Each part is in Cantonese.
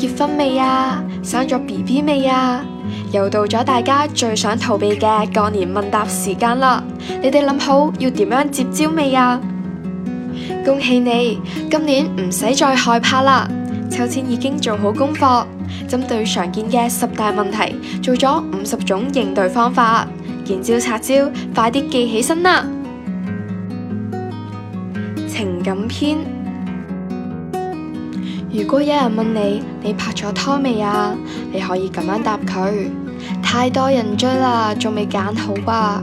結婚未呀、啊？生咗 B B 未呀、啊？又到咗大家最想逃避嘅過年問答時間啦！你哋諗好要點樣接招未呀、啊？恭喜你，今年唔使再害怕啦！秋千已經做好功課，針對常見嘅十大問題，做咗五十種應對方法，見招拆招，快啲記起身啦！情感篇。如果有人問你，你拍咗拖未啊？你可以咁樣答佢：太多人追啦，仲未揀好吧？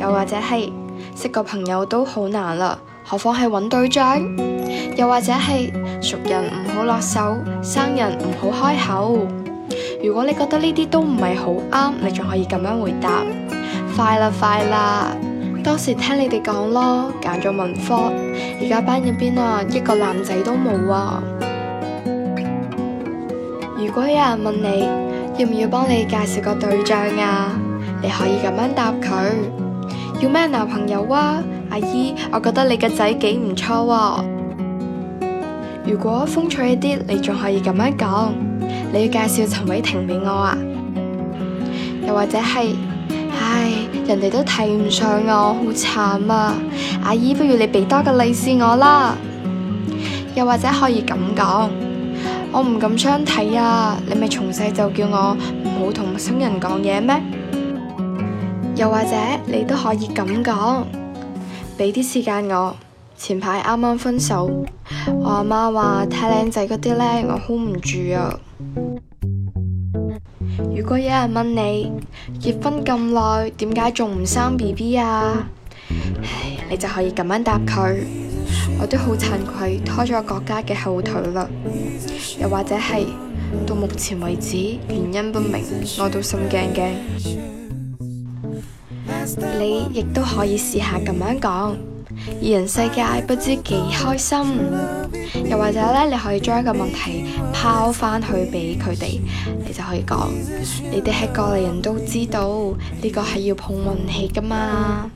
又或者係識個朋友都好難啦，何況係搵對象？又或者係熟人唔好落手，生人唔好開口。如果你覺得呢啲都唔係好啱，你仲可以咁樣回答：快啦快啦，當時聽你哋講咯。揀咗文科，而家班入邊啊，一個男仔都冇啊！如果有人問你要唔要幫你介紹個對象啊，你可以咁樣答佢：要咩男朋友啊？阿姨，我覺得你個仔幾唔錯啊。如果風趣一啲，你仲可以咁樣講：你要介紹陳偉霆俾我啊？又或者係，唉，人哋都睇唔上我，好慘啊！阿姨，不如你俾多個利是我啦。又或者可以咁講。我唔敢相睇啊！你咪從細就叫我唔好同陌生人講嘢咩？又或者你都可以咁講，俾啲時間我。前排啱啱分手，我阿媽話太靚仔嗰啲咧，我 hold 唔住啊！如果有人問你結婚咁耐，點解仲唔生 BB 啊？唉，你就可以咁樣答佢。我都好慚愧，拖咗國家嘅後腿啦。又或者係到目前為止原因不明，我都心驚嘅。 你亦都可以試下咁樣講，二人世界不知幾開心。又或者咧，你可以將一個問題拋翻去畀佢哋，你就可以講，你哋係過嚟人都知道呢個係要碰運氣噶嘛。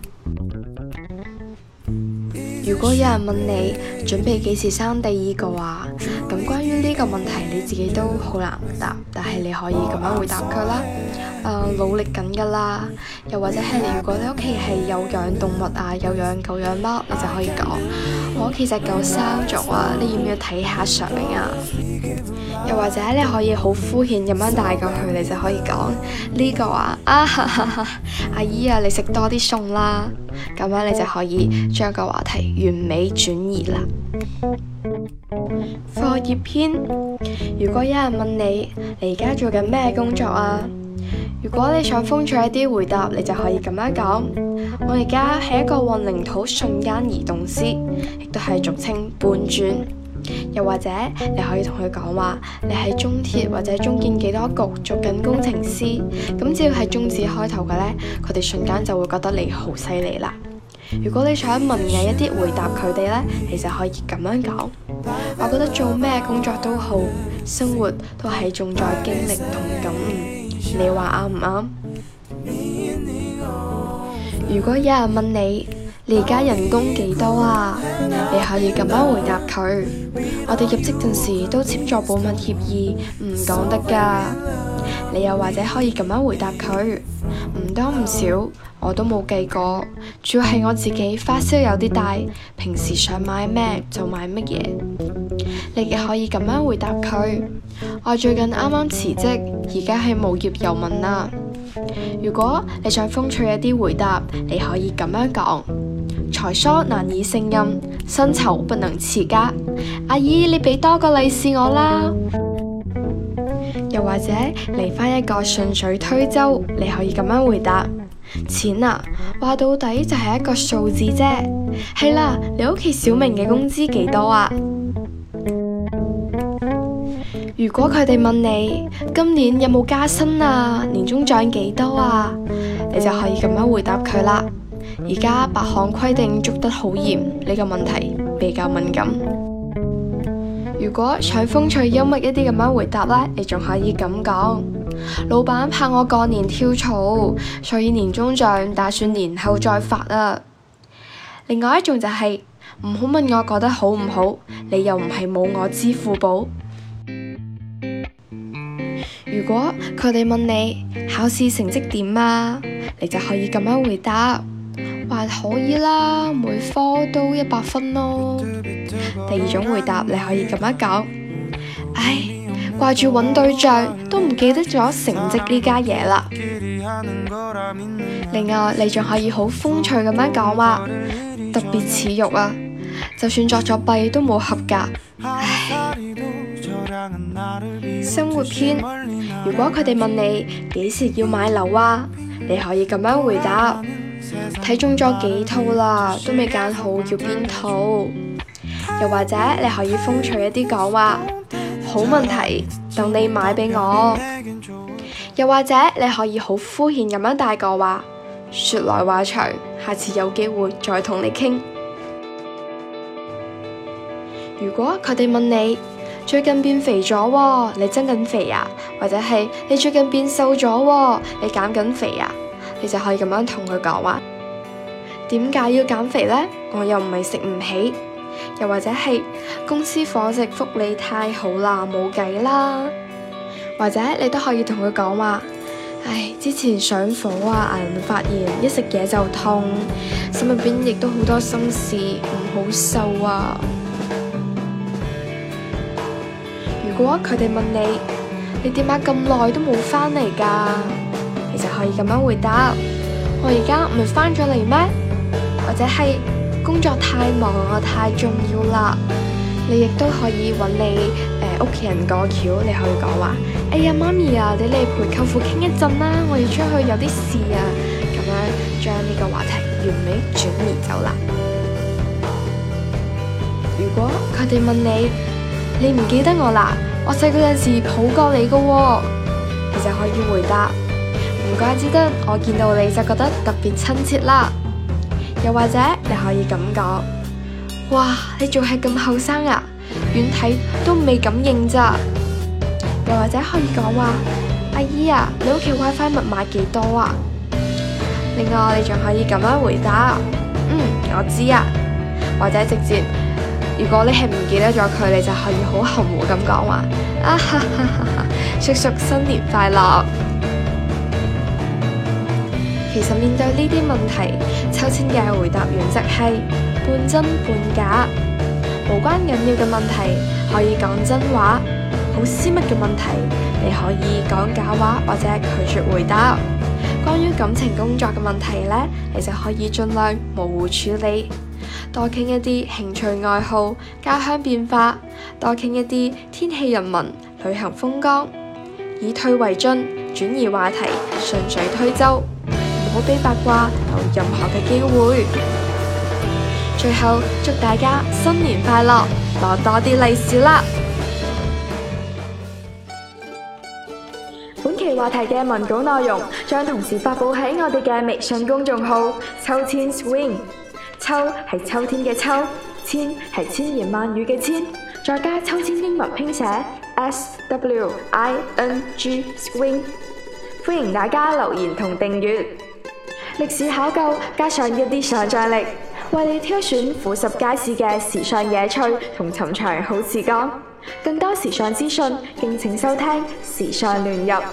如果有人問你準備幾時生第二個話，咁關於呢個問題你自己都好難回答，但係你可以咁樣回答佢啦。誒、呃，努力緊㗎啦，又或者係如果你屋企係有養動物啊，有養狗養貓，你就可以講我屋企隻狗生咗啊，你要唔要睇下相啊？又或者你可以好敷衍咁樣帶過去，你就可以講呢、這個啊，啊哈哈阿姨啊，你食多啲餸啦。咁樣你就可以將個話題完美轉移啦。課業篇：如果有人問你你而家做緊咩工作啊？如果你想風趣一啲回答，你就可以咁樣講：我而家係一個混凝土瞬間移動師，亦都係俗稱搬磚。又或者你可以同佢講話，你喺中鐵或者中建幾多局做緊工程師，咁只要係中字開頭嘅咧，佢哋瞬間就會覺得你好犀利啦。如果你想文藝一啲回答佢哋咧，你就可以咁樣講。我覺得做咩工作都好，生活都係重在經歷同感悟，你話啱唔啱？如果有人問你，你而家人工幾多啊？你可以咁樣回答佢。我哋入職陣時都簽咗保密協議，唔講得噶。你又或者可以咁樣回答佢，唔多唔少，我都冇計過，主要係我自己花銷有啲大，平時想買咩就買乜嘢。你亦可以咁樣回答佢，我最近啱啱辭職，而家係無業遊民啦。如果你想風趣一啲回答，你可以咁樣講。才疏難以勝任，薪酬不能持家。阿姨，你俾多個利是我啦。又或者嚟返一個順水推舟，你可以咁樣回答：錢啊，話到底就係一個數字啫。係啦，你屋企小明嘅工資幾多啊？如果佢哋問你今年有冇加薪啊，年終獎幾多啊，你就可以咁樣回答佢啦。而家八項規定捉得好嚴，呢個問題比較敏感。如果想風趣幽默一啲咁樣回答呢，你仲可以咁講：老闆怕我過年跳槽，所以年終獎打算年後再發啊。」另外一種就係唔好問我過得好唔好，你又唔係冇我支付寶。如果佢哋問你考試成績點啊，你就可以咁樣回答。還可以啦，每科都一百分咯。第二種回答你可以咁樣講，唉，掛住搵對象都唔記得咗成績呢家嘢啦。另外你仲可以好風趣咁樣講話，特別恥辱啊，就算作咗弊都冇合格。唉，生活篇，如果佢哋問你幾時要買樓啊，你可以咁樣回答。睇中咗幾套啦，都未揀好要邊套。又或者你可以風趣一啲講話，好問題，等你買俾我。又或者你可以好敷衍咁樣大個話，說來話長，下次有機會再同你傾。 如果佢哋問你最近變肥咗，你增緊肥啊？或者係你最近變瘦咗，你減緊肥啊？你就可以咁樣同佢講話，點解要減肥呢？我又唔係食唔起，又或者係公司伙食福利太好啦，冇計啦。或者你都可以同佢講話，唉，之前上火啊，牙齦發炎，一食嘢就痛，心入面亦都好多心事，唔好受啊。如果佢哋問你，你點解咁耐都冇返嚟㗎？其實可以咁樣回答：我而家唔係返咗嚟咩？或者係工作太忙了，我太重要啦。你亦都可以揾你誒屋企人過橋，你可以講話：哎呀媽咪呀、啊，你嚟陪舅父傾一陣啦，我要出去有啲事啊。咁樣將呢個話題完美轉移走啦。如果佢哋問你，你唔記得我啦，我細個陣時候抱過你噶、哦，你就可以回答。唔怪之得，我見到你就覺得特別親切啦。又或者你可以咁講：哇，你仲係咁後生啊？遠睇都未敢認咋。又或者可以講話：阿姨啊，你屋企 WiFi 密碼幾多啊？另外，你仲可以咁樣回答：嗯，我知啊。或者直接，如果你係唔記得咗佢，你就可以好含糊咁講話：啊哈哈哈，哈，叔叔新年快樂。其實面對呢啲問題，秋千嘅回答原則係半真半假。無關緊要嘅問題可以講真話，好私密嘅問題你可以講假話或者拒絕回答。關於感情工作嘅問題咧，你就可以盡量模糊處理，多傾一啲興趣愛好、家鄉變化，多傾一啲天氣人民、旅行風光，以退為進，轉移話題，順水推舟。避八卦，有任何嘅機會。最後祝大家新年快樂，攞多啲利是啦！本期話題嘅文稿內容將同時發布喺我哋嘅微信公眾號“秋千 swing”。秋係秋天嘅秋，千係千言萬語嘅千，再加秋千英文拼寫 S W I N G swing。歡迎大家留言同訂閱。歷史考究，加上一啲想像力，為你挑選俯拾皆是嘅時尚野趣同尋常好時光。更多時尚資訊，敬請收聽《時尚亂入》。